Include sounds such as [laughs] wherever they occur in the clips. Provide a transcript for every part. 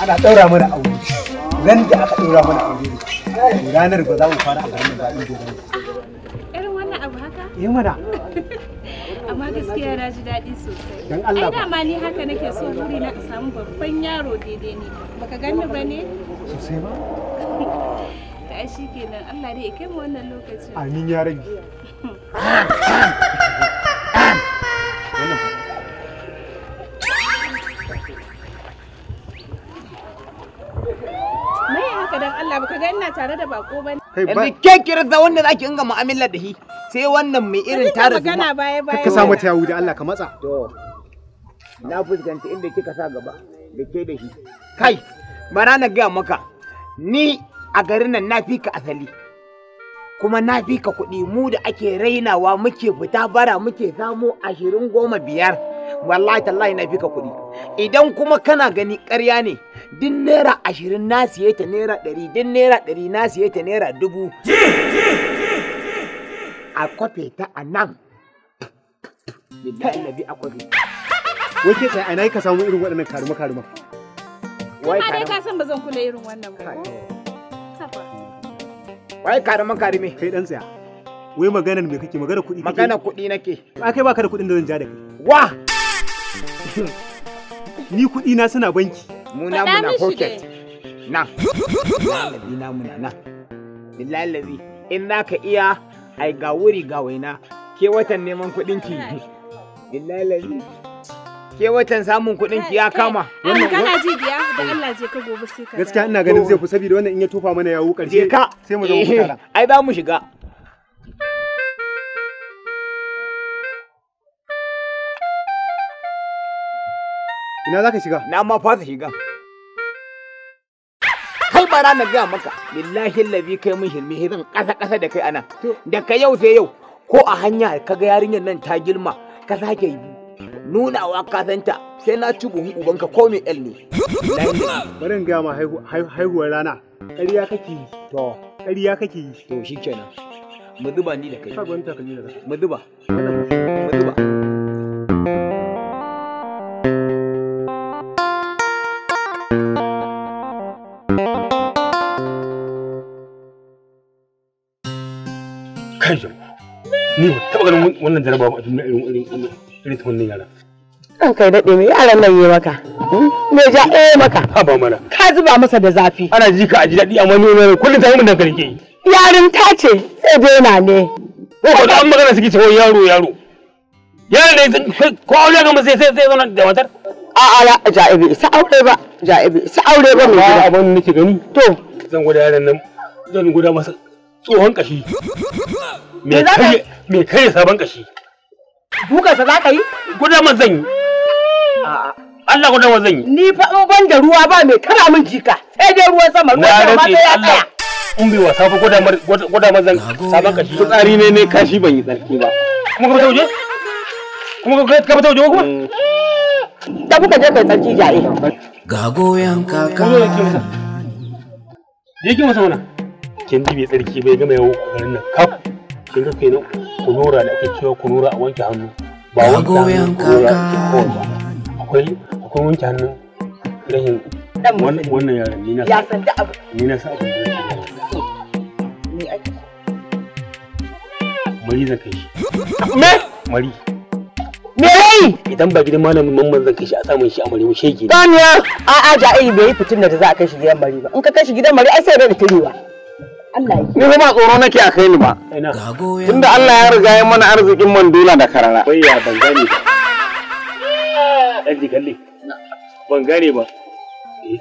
ana daura mana aure ran da aka daura mana aure ne ranar ba za mu fara a garin ba in gobe irin wannan abu haka eh mana amma gaskiya na ji daɗi sosai dan Allah ai da ma ni haka nake so wuri na samu babban yaro daidai ne baka gani ba ne sosai ba [laughs] ta shi kenan Allah dai ya kai mu wannan lokacin amin ya rage [laughs] ba tare da bako ba ne. Yanzu ke kirza wanda zaki inga mu'amala da shi sai wannan mai irin tara zuma. magana baya baya. samu ta yawu da Allah ka matsa. To. Na fuskanta inda kika sa gaba da ke da shi. Kai, bara na gaya maka. Ni a garin nan na fi ka asali. Kuma na fi ka kuɗi mu da ake rainawa muke fita bara muke samo ashirin goma biyar. wallahi tallahi na fika kuɗi idan kuma kana gani ƙarya ne duk naira ashirin na siye ta naira ɗari duk naira ɗari na siye ta naira dubu a kwafe ta a nan billahi nabi a kwafe wai ke tsaye a ka samu irin waɗannan karuma karuma wai karuma ka san ba zan kula irin wannan ba wai karuma karume kai dan tsaya wai maganar me kake magana kuɗi kake magana kuɗi nake ba kai baka da kuɗin da zan ja da wa Ni kuɗi na suna banki. Mu namu na pocket. Nan. Lalabi na nan. in za ka iya ai ga wuri ga waina ke watan neman kuɗin ki. Lalabi. Ke watan samun kuɗin ki ya kama. Wannan kana ji biya da Allah je ka gobe sai ka. Gaskiya ina ganin zai fi saboda wannan in ya tofa mana yawo ƙarshe. Sai mu zama mutala. Eh, ai za mu shiga. Ina za ka shiga? Na ma fasa shiga. Kai bara na gaya maka, lillahi labi kai mun hirmi zan ƙasa ƙasa da kai anan. Da ka yau sai yau, ko a hanya ka ga yarinyar nan ta girma, ka sake nuna ka santa sai na ci buhun ubanka ko mai el ne. Bari in gaya ma haihuwar rana, ƙarya kake yi. To, ƙarya kake yi. To, shi kenan. Mu zuba ni da kai. Mu zuba. kan shi ni ba taɓa ganin wannan jaraba ba a irin irin irin ta wannan yara kan kai daɗe me yaran nan yi maka hmm? me ja eh maka ha ba mana ka zuba masa da zafi ana ji ka a ji daɗi amma ni ne kullum ta yi mun dankali ke yarin ta ce sai dena ne ko an magana suke cewa yaro yaro yaron da ko aure ga sai sai sai zauna da matar a ala ja'ibi sa aure ba ja'ibi sa aure ba ne abin nake gani to zan gwada yaran nan zan gwada masa tsohon kashi Me kai sabon kashi? Dukansa za ka yi? Gudaman zan yi. Allah gudaman zan yi. Ni fa in ban da ruwa ba mai kara min jika. Sai dai ruwan sama ruwan sama sai ya tsaya. In bai wasa fa gudaman zan sabon kashi. Fitsari ne ne kashi ban yi tsarki ba. Kuma ka fita waje? Kuma ka fita waje kuma? Mm. Da kuka je kai tsarki jaye. Ga goyon kaka. Je ki masa wannan. Kin ji bai tsarki bai gama yawo garin nan kaf. kin ga kenan kunura da ake cewa kunura a wanke hannu ba wanke hannu kunura akwai akwai wanke hannun rashin wannan yaran ni na ya san da abu ni na sa abu mari zan kai shi me mari me yi. idan ba gidan malamin mamman zan kai shi a samun shi a mari mu shege ne daniya a a da ai bai fitin da za a kai shi gidan mari ba in ka kai shi gidan mari ai sai da tirewa Ni kuma tsoro nake a kai ni ba. Tunda Allah ya riga ya mana arzikin man dola da karara. Bayya ban gane ba. Ɗan [laughs] kalli. Ban gane ba.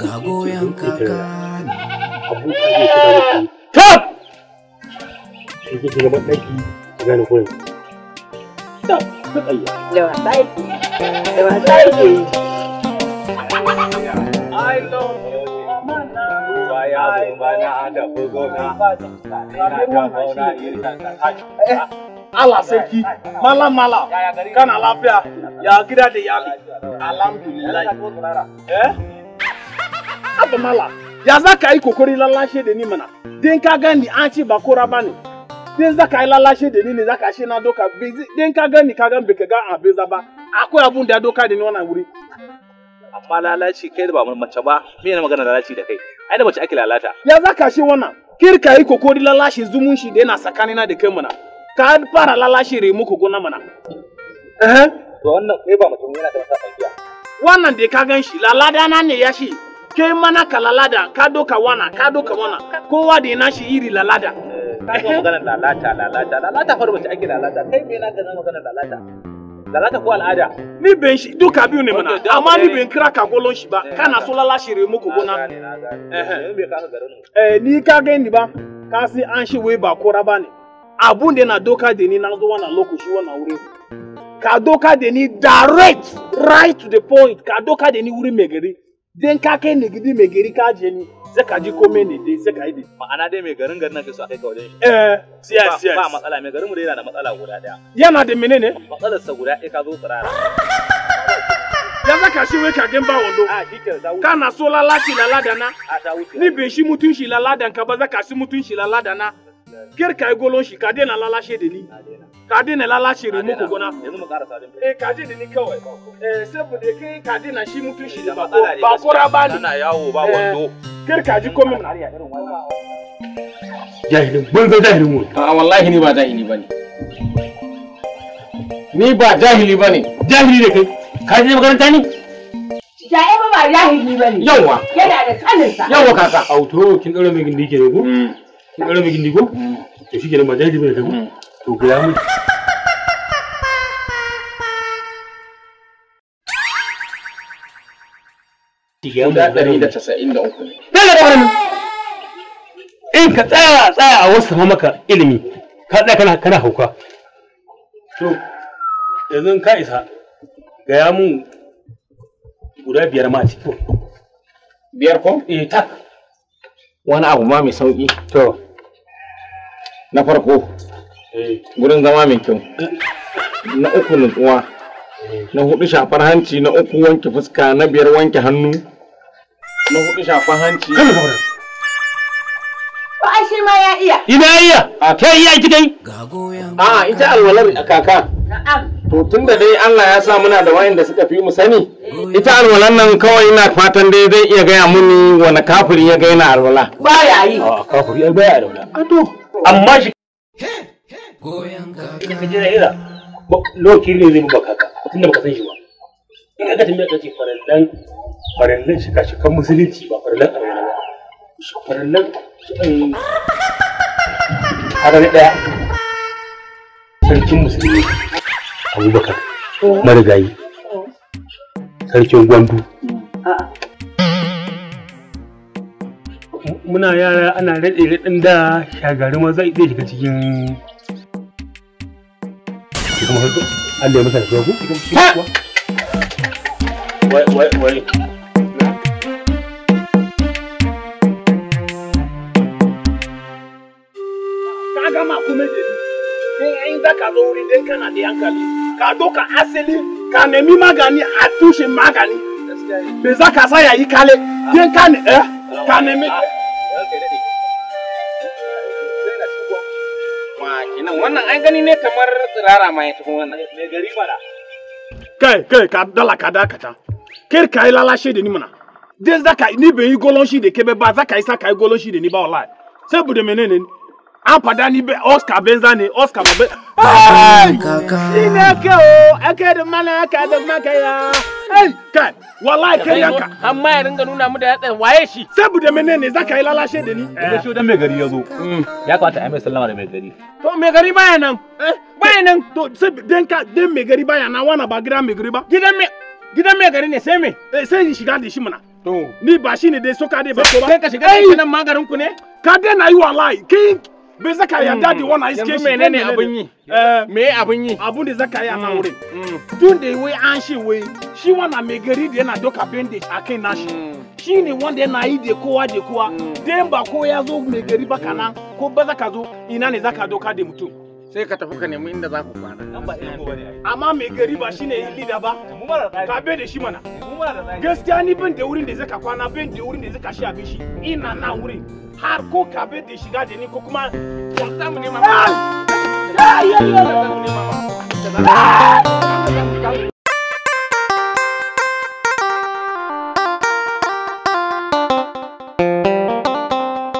Ga goyon kaka. Tab! Ki ji gaban ɗaki ki gane kurin. Tab! Lewa wasa Lewa Da I love you. Allah sarki malam mala kana lafiya ya gida da yali alhamdulillah eh abba mala ya za ka yi kokori lalashe da ni mana din ka gani an ce ba kora ba ne din za ka yi lalashe da ni ne za ka shi na doka din ka gani ka gani bai ga abin za ba akwai abun da doka da ni wannan wuri amma lalaci kai da ba mace ba me ne magana lalaci da kai ai da mace ake lalata ya zaka shi wannan kirka yi kokori lalashe zumunci da yana tsakanina da kai mana ka fara lalashe remu ko gona mana eh to wannan kai ba mutum yana da wata tsakiya wannan da ka gan shi lalada na ne ya shi kai mana ka lalada ka doka wannan ka doka wannan kowa da yana shi iri lalada eh, ka zo maganar lalata lalata lalata fa mace ake lalata kai me na ga magana lalata da za ta ko al'ada ni ben shi duka biyu ne mana amma ni ben kira ka golon shi ba eh, kana so lala shi re muku gona eh, eh. eh ni ka ga ni ba ka si an shi wai ba kora ba ne abun da na doka da ni na zo wannan lokaci wannan wurin ka doka da ni direct right to the point ka doka da ni wurin megari den ka kai ne gidi megari ka je ni sai ka ji komai ne dai sai ka yi dai ma'ana dai mai garin garin nan su akai ka wajen shi eh yes yes ba matsala mai garin mu dai yana da matsala guda daya yana da menene matsalar sa guda ɗaya ka zo tsirara [laughs] ya saka shi wai kagen ba wando kana so lalaci laladana ni bin shi mutunci laladan ka ba zaka shi mutunci laladana ker ka yi golon shi ka daina lalashe da ni ka daina lalashe da muku gona eh ka je da ni kawai eh de kai ka daina shi mutun shi da ba kora ba ni ana yawo ba wando ker ka ji komai jahilin banza jahilin mu a wallahi ni ba jahili bane ni ba jahili bane jahili ne kai ka je makaranta ne da ba ba jahili bane yawa yana da sanin sa yawa kaka auto kin dora mai gindi ke ne ko kin rabe ko to shi kenan ba jaji bane ko to ga mu Guda ɗari da casa'in da uku. Daga da wani in ka tsaya tsaya a wasu maka ilimi ka tsaya kana kana hauka. To yanzu ka isa gaya mun guda biyar ma Biyar ko? tak. wani abu ma mai sauki to na farko gurin eh. zama mai kyau [laughs] na uku nutsuwa eh. na hudu shafar hanci na uku wanke fuska na biyar wanke hannu na hudu shafar hanci To ai shi ma ya iya. Ina iya. Ke ah. iya ki dai. A ah, ita alwalar kaka. To tunda dai Allah ya sa muna da wayanda suka fi mu sani. Ita alwalan nan kawai ina fatan dai zai iya gaya muni wani kafiri ya ga yana alwala. Ba ya yi. A ah, kafiri ai ba ya alwala. A to amma shi. Goyon kaka. Ita kaje da ira. Loki ne zai ba kaka. Tunda baka san shi ba. Ina ga tambaya kace farallan farallan shika shikan musulunci ba farallan alwala ba. Farallan a ranar ɗaya sarkin musulmi abubakar marigayi sarkin gwandu muna yara ana raɗe raɗin da shagari maza zai iya shiga cikin Allah ya masa da ku? Wai, wai, wai. dama kuma da ni in za ka zo wuri dai kana da hankali ka doka asali ka nemi magani a tushen magani me ka sa yayi kale dan ka ne eh ka nemi wannan an gani ne kamar tsirara ma ya wannan mai gari mana kai kai ka dala ka dakata kar ka yi lalashe da ni mana dan zaka ni bai yi golon shi kebe ba zaka yi saka yi golon ni ba wallahi sai bude menene an fada ni be oscar benza ne oscar babe ina ke o ake da mana aka da maka ya ai kai wallahi kai an ma ya ringa nuna mu da yatsa waye shi saboda menene zaka yi lalashe da ni da shi dan mai gari yazo ya mm. kwata ai mai sallama da mai gari to mai gari baya nan eh, ba nan to sai den ka dan mai gari baya nan wana ba gidan megari gari ba gidan mai gidan mai gari ne sai me eh, sai shiga da shi muna to ni ba shine dai soka dai ba ko ba kai ka shiga da nan magarin ku ne ka dai na yi wallahi kin me zaka yarda mm. da wannan iske shi ne ne abun yi eh, eh, me abun yi abun da zaka yi a nan mm. wurin mm. tun da wai an shi wai shi wannan mai gari da yana doka bandage a kai nashi shi ne wanda yana yi da kowa da kowa dan ba ko ya zo mai gari ba kana ko ba zaka zo ina ne zaka doka da mutum sai ka tafi ka nemi inda za ku kwana amma mai gari ba shine yin lida ba ka bai da shi mana gaskiya ni ban da wurin da ka kwana ban da wurin da ka shi abin shi ina na wurin har ko ka bai da shiga da ni ko kuma ya samu ne mama